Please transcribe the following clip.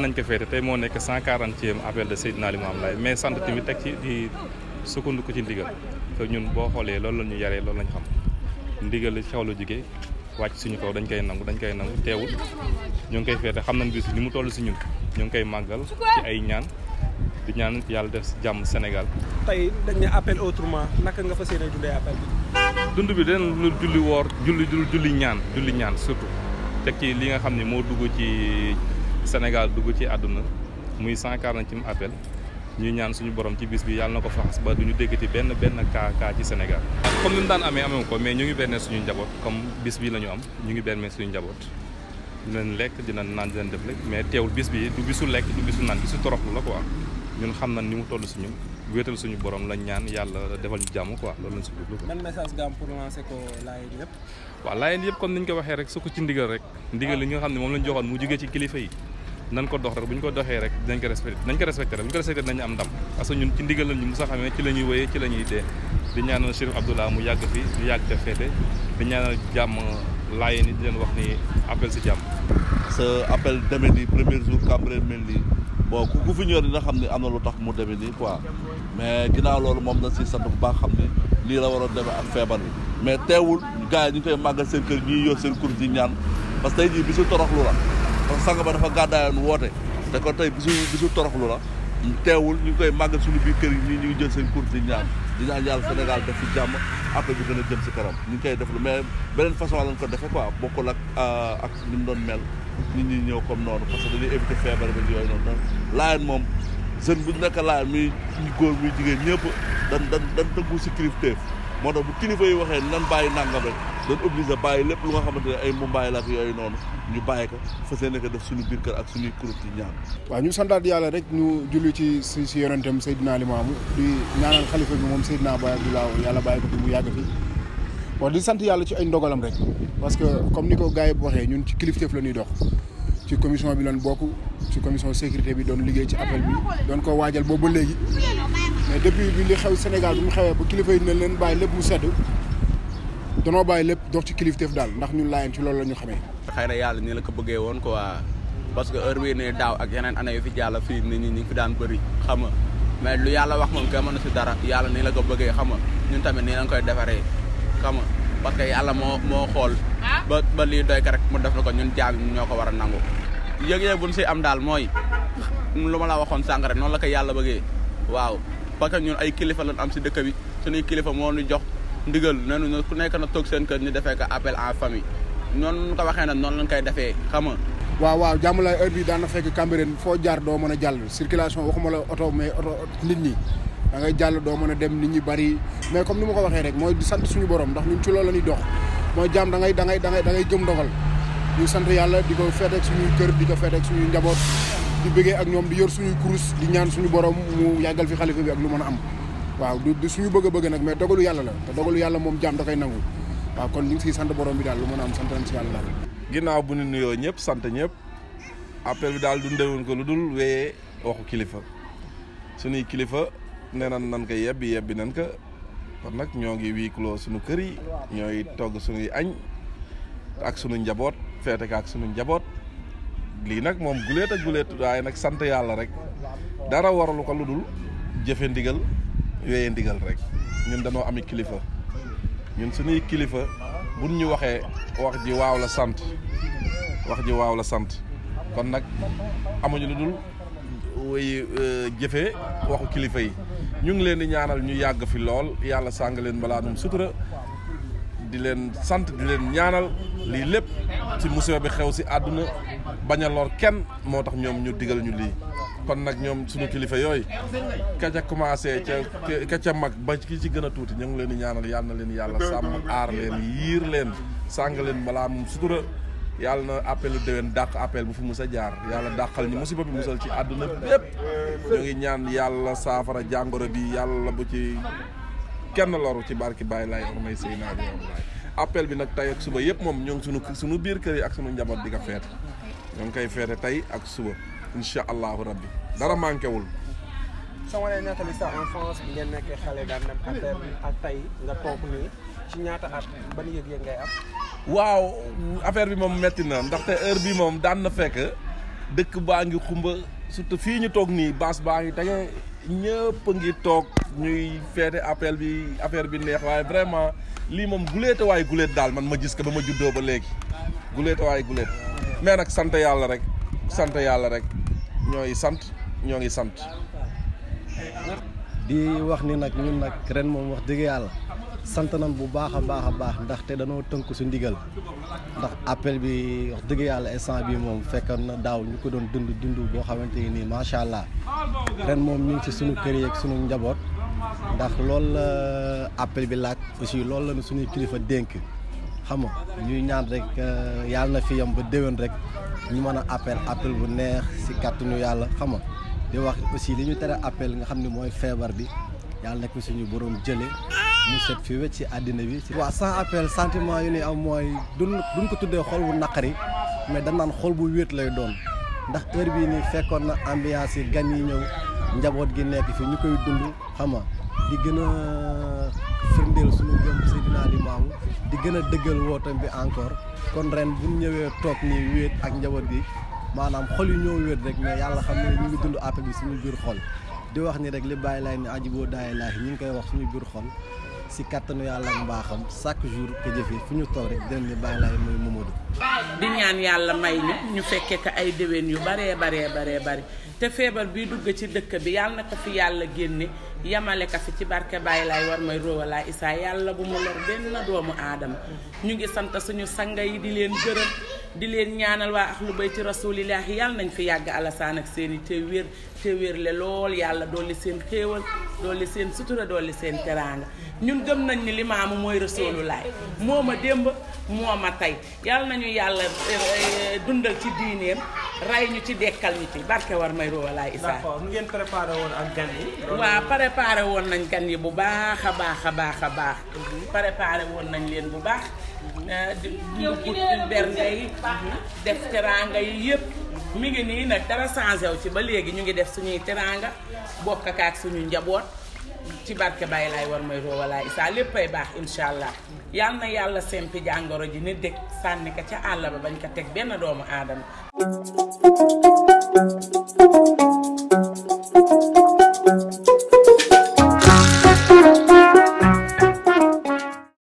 fan nañ ko féete tey moo nekk 140e la ñu yaree loolu lañ xam ndigal li xew koy nangu dañ koy nangu teewul ñu ngi koy féete xam nañ li mu toll si ñu ngi koy màggal ci ay ñaan di ñaan si jàmm Sénégal. tey dañ ne appel autrement naka nga fas yéene dundee appel bi. dund bi dinañ lu julli woor julli julli ñaan julli ñaan surtout teg ci li nga xam ne moo dugg ci. Sénégal dugg ci àdduna muy cent quarantième appel ñuy ñaan suñu borom ci bis bi yàlla na ko faxas ba duñu déggati benn benn kaa kaa ci Sénégal. comme ni daan amee amee ko mais ñu ngi berne suñu njaboot comme bis bi lañu am ñu ngi berne suñu njaboot dinañ lekk dinañ naan dinañ def lekk mais teewul bis bi du bisu lekk du bisu naan bisu toroxlu la quoi ñun xam na ni mu toll suñu wéetal suñu borom lañ ñaan yàlla defal ñu jàmm quoi loolu lañ si am pour lancer ko laayeen ko waxee rek su ko ci ndigal rek. moom lañ joxoon mu jógee ci kilifa yi nan ko dox rek bu ñu ko doxee rek dinañ ko respecté bu ñu ko respecté dinañ am ndam parce que ñun ci ndigal la ñu mos a xamee ci la ñuy wéyee ci la dee di ñaanal Chérif Abdoulaye mu yàgg fi ñu yàgg te di ñaanal jàmm laayeen ni di leen wax ni appel si jàmm. ce appel demee nii premier jour Cambérène mel nii bon ku ku fi ñëw dina xam ne am na lu tax mu demee nii quoi mais ginnaaw loolu moom na si sa bu baax xam ne lii la waroon deme ak feebar bi mais teewul gars ñu koy màggal seen kër ñuy yor seen kur di ñaan parce que tey jii bisu toroxlu la. ndax ba dafa gàddaayoon woote te ko tey bisu bisu toroxlu la teewul ñu ngi koy màggal suñu biir kër yi nii ñuy jël seen cours di ñaan di ñaan yàlla def fi jàmm après bi gën a jëm si kanam ñu ngi koy def lu mais beneen façon lañ ko defee quoi bokkul ak euh, ak ni mu doon mel ni ñuy ñëw comme noonu parce que dañuy éviter feebar ba yooyu noonu laayeen moom jeune bu nekk laayeen muy góor muy jigéen ñëpp dan dan dan tëggu si kilifteef moo tax bu kilifa yi waxee nan bàyyi nangam rek doon obligé bàyyi lépp lu nga xamante ne ay mumbaay la ak yooyu noonu ñu bàyyi ko fas yéene ko def suñu biir kër ak suñuy kuréel ci ñaan. waaw ñu santaat yàlla rek ñu julli ci si si yonentam Seydina Limaamu di ñaanal xalifa bi moom Seydina Baye Abdoulaye yàlla bàyyi ko fi yàgg fi bon di yàlla ci ay ndogalam rek parce que comme ni ko gars yi waxee ñun ci kilifteef la ñuy dox ci commission bi lañ bokk ci commission sécurité bi doon liggéey ci appel bi doon ko waajal boobu léegi mais depuis bi li xew Sénégal bi mu xewee ba kilifa yi ne leen bàyyi lépp mu sedd danoo bàyyi lépp dox ci kilifteef daal ndax ñun laayeen ci loolu la ñu xamee xëy na yàlla ni la ko bëggee woon quoi parce que heure bii ne daaw ak yeneen année yu fi jàll fii mais lu yàlla wax moom kenn mën na si dara yàlla ni la ko bëggee xam nga ñun tamit nii lañ koy defaree xam parce que yàlla moo moo xool ah. ba ba lii doy ka rek mu def na ko ñun jaam ñoo ko war a nangu yëg-yëg buñ si am daal mooy lu ma la waxoon sànq noonu la ko yàlla bëggee waaw parce que ñun ay kilifa lañ am si dëkk bi suñuy kilifa moo ñu jox ndigal nanu na ku nekk na toog seen kër ñu defee ko appel en famille noonu ko waxee nag noonu lañ koy defee xam waaw waaw jàmmalaay heure bi daan na fekk Cambérène foo jaar doo mën a jàll circulation waxuma la oto mais oto nit ñi da ngay jàll doo mën a dem nit ñi bari mais comme ni ma ko waxee rek mooy di sant suñu borom ndax ñun ci loolu la ñuy dox mooy jàmm da ngay da ngay da ngay da ngay gëm sant yàlla di ko feet ak suñuy kër di ko feet ak njaboot di bëggee ak ñoom di yor suñuy kurus di ñaan suñu borom yàggal fi xalifa bi ak lu mën a am waaw du du suñu bëgg a bëgg nag mais dogalu yàlla la te dogalu yàlla moom jaam da koy nangu waaw kon ñu ngi siy sant borom bi daal lu mën a si ginnaaw bu ñu nuyoo ñëpp sant ñëpp bi daal dundewoon ko lu dul wéyee waxu kilifa suñuy kilifa nee nan nan ko yebbi nan ko kon nag ñoo ngi wii kuloo suñu kër yi ñooy togg suñuy añ ak suñu njaboot feete suñu njaboot lii nag moom guleet guleet waaye nag sant yàlla rek dara waralu ko lu dul jëfe ndigal wéyee ndigal rek ñun dañoo ami kilifa ñun suñuy kilifa bu ñu waxee wax ji waaw la sant wax ji waaw la sant kon nag amuñu lu dul way euh, jëfe waxu kilifa yi ñun leen di ñaanal ñu yàgg fi lool yàlla sàng leen balaa num sutura di leen sant di leen ñaanal lii lépp ci musiba bi xew si àdduna bañ a lor kenn moo tax ñoom ñu digal ñu lii kon nag ñoom suñu kilifa yooyu ka ca commencé ca mag ba ki ci gën a tuuti ñu ngi leen di ñaanal yal na leen yàlla sàmm aar leen yiir leen sàng leen balaa moom sutura yàlla na appelu déwén dàq appel bu fu mus a jaar yàlla dàqal ñu musiba bi musal ci àdduna bépp ngi ñaan yàlla saafara jàngoro bi yàlla bu ci kenn loru ci barki Baye Laye ormay sëy naa bi appel bi nag tey ak suba yëpp moom ñoo ngi sunu suñu biir kër yi ak sunu njaboot di ko feete ñoo ngi koy feete tey ak suba incha allahu rabbi dara manqué wul. soo wane nettali sa enfance bi ngeen nekkee xale daan dem affaire bi ak tey nga toog nii ci ñaata at ban yëg-yëg ngay am. waaw affaire bi moom metti na ndaxte heure bi moom daan na fekk dëkk baa ngi xumba surtout fii ñu toog nii baas baa ngi tege ñëpp ngi toog ñuy feete appel bi affaire bi neex waaye vraiment lii moom guleete waaye guleet daal man ma gis ko ba ma juddoo ba léegi guleete waaye guleet mais nag sant yàlla rek sant yàlla rek. ñooy sant ñoo ngi sant. di wax ni nag ñun nag ren moom wax dëgg yàlla sant nañ bu baax a baax a baax ndaxte danoo tënk su ndigal ndax appel bi wax dëgg yàlla instant bi moom fekkoon na daaw ñu ko doon dund dund boo xamante ni nii macha allah ren moom ñu ngi ci sunu kër yi ak sunu njaboot ndax loolu la appel bi laaj aussi loolu la ñu suñuy kilifa dénk. xam nga ñuy ñaan rek euh, yàlla na fi yam ba déwén rek ñu mën a appel appel bu neex si kàttanu yàlla xam di wax aussi li ñu tere appel nga xam ni mooy feebar bi yàlla na ko suñu borom jële mu set fi wet ci àddina bi. waaw sans appel sentiment yu ni am mooy du duñ ko tuddee xol bu naqari mais dañ naan xol bu wéet lay doon ndax heure bii nii fekkoon na ambiance yi gan yi ñëw njaboot gi nekk fi ñu koy dund xam di gën a firndeel suñu gëm si naa di gën a dëggal wootam bi encore kon ren bu ñu ñëwee toog nii wéet ak njaboot gi maanaam xol yi ñoo wéet rek mais yàlla xam ne ñu ngi dund appel bi suñu biir xol di wax ni rek li bàyyi laay ni ajiboo daayee laay ñu ngi koy wax suñu biir xol si kàttanu yàlla ak mbaaxam chaque jour que jëfee fu ñu toog rek dem ni bàyyi mooy Momadou. di ñaan yàlla may ñu ñu fekkee ko ay déwén yu bare bare bare bari te feebar bi dugg ci dëkk bi yàlla na ko fi yàlla génne yamale ko fi ci barke bàyyi laay war mooy roowalaa isaa yàlla bu mu lor benn doomu aadama ñu ngi sant suñu sanga yi di leen gërëm di leen ñaanal waa axlu bay ci rasulillahi yàlla nañ fi yàgg alasaan ak seeni te wér te wérle lool yàlla dool li seen xéewal li seen sutura dolli seen teraanga ñun gëm nañ ni limaamu mooy rasoolulaay moo ma démb moo ma tey yàlla nañu yàlla eh, eh, dundal ci diineem ray ñu ci dekkal ñu ci barke war may roowalaay Issa. d'accord nu ngeen préparé woon ak gan yi. waaw préparé woon nañ gan yi bu baax a baax a baax a baax. Mhm. préparé woon nañ leen bu baax. Mhm. Euh, dugub bernde yi mhm. def teraanga yi yëpp. mi ngi nii nag dara changé wu ci ba léegi ñu ngi def suñuy teraanga bokk ak suñu njaboot. ci barke bàyyi laay war may roobalaay isaa léppay baax incha allah yal na yàlla sempi jàngoro ji ni dëkk sànni ko ca àll ba bañ ko teg benn doomu aadama